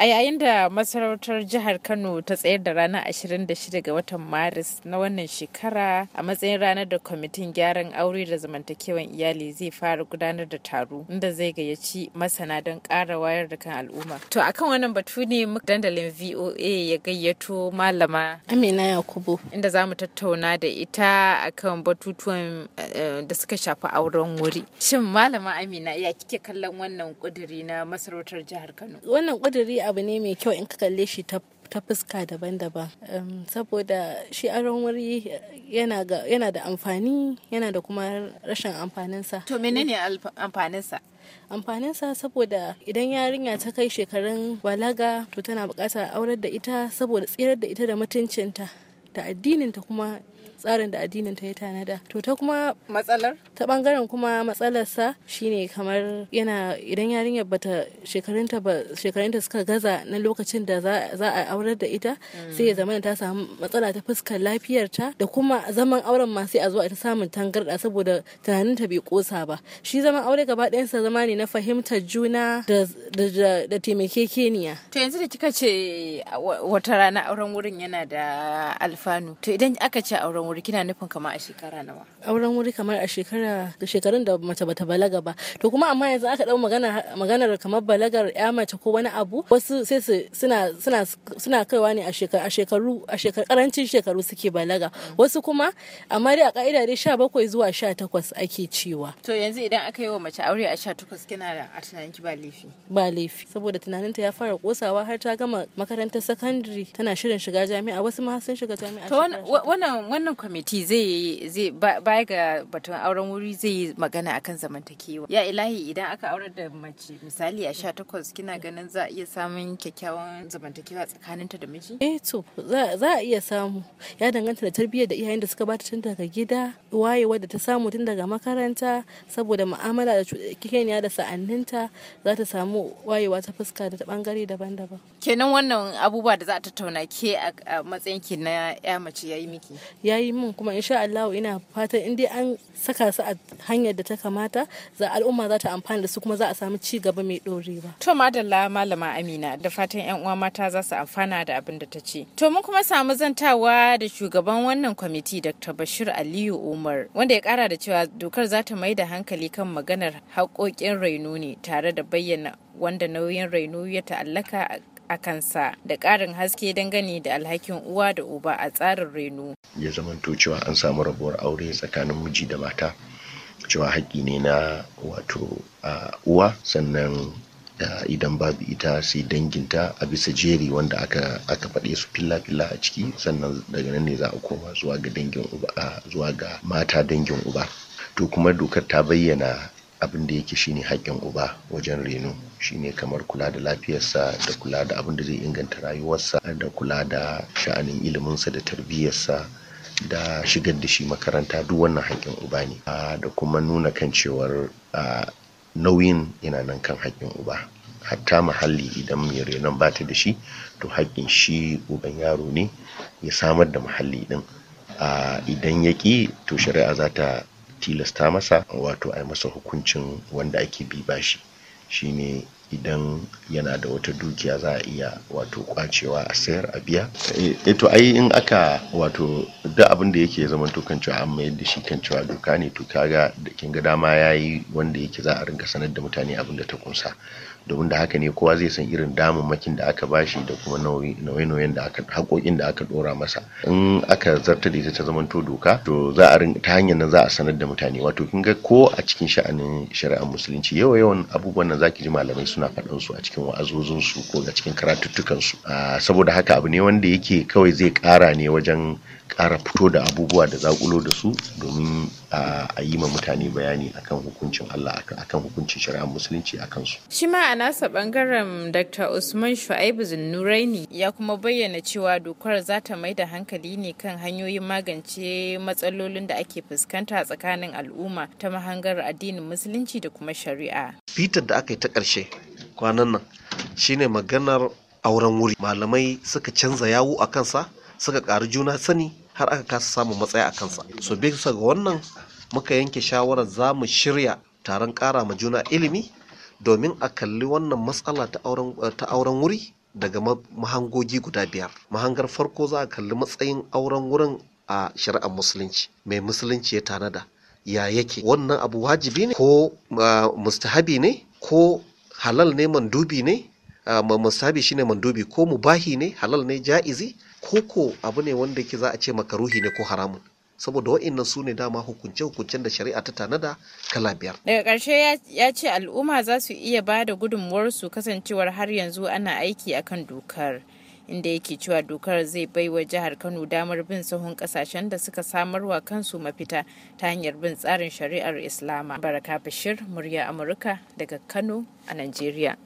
A yayin da masarautar jihar Kano ta tsayar da ranar 26 ga watan Maris na wannan shekara a matsayin ranar da kwamitin gyaran aure da zamantakewan iyali zai fara gudanar da taro inda zai gayyaci masana don ƙara wayar da kan al'umma. To akan wannan batu ne dandalin VOA ya gayyato malama Amina Yakubu inda za mu tattauna da ita akan batutuwan eh, da suka shafi auren wuri. Shin malama Amina ya kike kallon wannan kuduri na masarautar jihar Kano? Wannan kuduri abu ne mai kyau in ka kalle shi ta fuska daban-daban um, saboda shi aron wuri yana da amfani yana da kuma rashin amfaninsa to menene amfaninsa amfaninsa saboda idan yarinya ta kai shekarun balaga to tana buƙatar aurar da ita saboda tsirar da ita da mutuncinta da addininta kuma tsarin da addinin ta ya tanada to ta kuma matsalar ta bangaren kuma matsalarsa shine kamar yana idan yarinya bata shekarunta ba shekarunta suka gaza na lokacin da za a aurar da ita mm. sai ya zama ta samu matsala ta fuskar ta da kuma zaman auren ma sai a zo a ta samun tangarda saboda tunaninta bai kosa ba shi zaman aure gaba sa zama ne na fahimtar juna da taimakekeniya to yanzu da kika ce wata rana auren wurin yana da alfanu to idan aka ce auren auren wuri kina nufin kamar a shekara nawa auren wuri kamar a shekara da shekarun da mace bata balaga ba to kuma amma yanzu aka dau magana maganar kamar balagar ya mace ko wani abu wasu sai su suna suna suna kaiwa ne a shekaru a shekaru a shekaru karancin shekaru suke balaga wasu kuma amma dai a ka'ida dai 17 zuwa 18 ake cewa to yanzu idan aka yi wa mace aure a 18 kina da a tunanin ki ba laifi ba laifi saboda tunaninta ya fara kosawa har ta gama makarantar sakandare tana shirin shiga jami'a wasu ma sun shiga jami'a to wannan wannan kwamiti zai ga batun auren wuri zai yi magana akan zamantakewa ya ilahi idan aka aurar da mace misali a sha takwas kina ganin za a iya samun kyakkyawan zamantakewa tsakaninta da miji eh to za a iya samu ya danganta da tarbiyyar da iyayen da suka bata tun daga gida wayewa da ta samu tun daga makaranta saboda mu'amala da kikeniya da sa'anninta za ta samu wayewa ta fuska da ta bangare daban-daban kenan wannan abubuwa da za a tattauna ke a matsayin ki na ya mace yayi miki ya yi min kuma insha Allah ina fatan in dai an saka su a hanyar da ta kamata za al'umma za ta amfana da su kuma za a samu ci gaba mai dorewa. To madalla malama Amina da fatan yan uwa mata za su amfana da abin da ta ce. To mun kuma samu zantawa da shugaban wannan kwamiti Dr. Bashir Aliyu Umar wanda ya kara da cewa dokar za ta mai da hankali kan maganar haƙoƙin raino ne tare da bayyana wanda nauyin raino ya ta'allaka a kansa da ƙarin haske dangane da alhakin uwa da uba a tsarin reno. Ya zama to cewa an samu rabuwar aure tsakanin miji da mata cewa haƙƙi ne na wato uwa sannan idan babu ita sai danginta a bisa jeri wanda aka aka faɗe su filla-filla a ciki sannan daga nan ne za a koma zuwa ga zuwa ga mata dangin uba to kuma dokar ta bayyana abin da yake shine haƙƙin uba wajen reno shine kamar kula da lafiyarsa da kula da abin da zai inganta rayuwarsa da kula da sha'anin iliminsa da tarbiyyarsa da shigar da shi makaranta duk wannan haƙƙin uba ne da kuma nuna kan cewar nauyin yana nan kan haƙƙin uba hatta muhalli idan mai renon bata ta da shi to haƙƙin shi uban yaro ne ya samar da muhalli din idan ya ƙi to shari'a za ta tilasta masa wato a masa hukuncin wanda ake bi bashi shine idan yana da wata dukiya za a iya wato kwacewa a sayar a biya e to ai in aka wato duk abin da yake zaman to kan cewa an mayar da shi kan cewa doka ne to kaga da kin ga dama yayi wanda yake za a rinka sanar da mutane abin da ta kunsa domin da haka ne kowa zai san irin damammakin da aka bashi da kuma nauye da aka haƙoƙin da aka ɗora masa in aka zartar da ita ta zamanto doka to za a ta hanyar nan za a sanar da mutane wato kin ga ko a cikin sha'anin shari'ar musulunci yawa yawan abubuwan nan zaki ji malamai su suna faɗan su a cikin wa'azozin su ko a cikin karatuttukan su ah, saboda haka abu ne wanda yake kawai zai ƙara ne wajen ƙara fito da abubuwa da zaƙulo da su domin a yi ma mutane bayani akan hukuncin Allah akan hukuncin shari'ar musulunci a kansu. Shi ma a nasa ɓangaren Dr. Usman Shu'aibu Zinnuraini ya kuma bayyana cewa dokar za ta mai da hankali ne kan hanyoyin magance matsalolin da ake fuskanta tsakanin al'umma ta mahangar addinin musulunci da kuma shari'a. Fitar da aka yi ta ƙarshe kwanan nan shine maganar auren wuri malamai suka canza yawo a kansa suka ƙari juna sani har aka kasa samun matsayi a kansa so bisa ga wannan muka yanke shawarar za mu shirya taron ƙara ma juna ilimi domin a kalli wannan matsala ta auren wuri daga mahangogi guda biyar mahangar farko za a kalli matsayin auren wurin a shari'ar musulunci mai musulunci ya tanada ya yake wannan abu wajibi ne ko mustahabi ne ko halal ne mandubi ne mustahabi shine mandubi ko mubahi ne halal ne ja'izi koko abu ne wanda yake za a ce maka ruhi ne ko haramun saboda wa'annan su ne dama hukunce-hukuncen da shari'a ta tanada kala biyar. Daga karshe ya ce al'umma za su iya ba da gudunmuwarsu kasancewar har yanzu ana aiki akan dokar. Inda yake cewa dokar zai bai wa jihar Kano damar bin sahun kasashen da suka samarwa kansu mafita ta hanyar bin tsarin shari'ar Islama. Baraka Bashir, murya Amurka daga Kano a nigeria.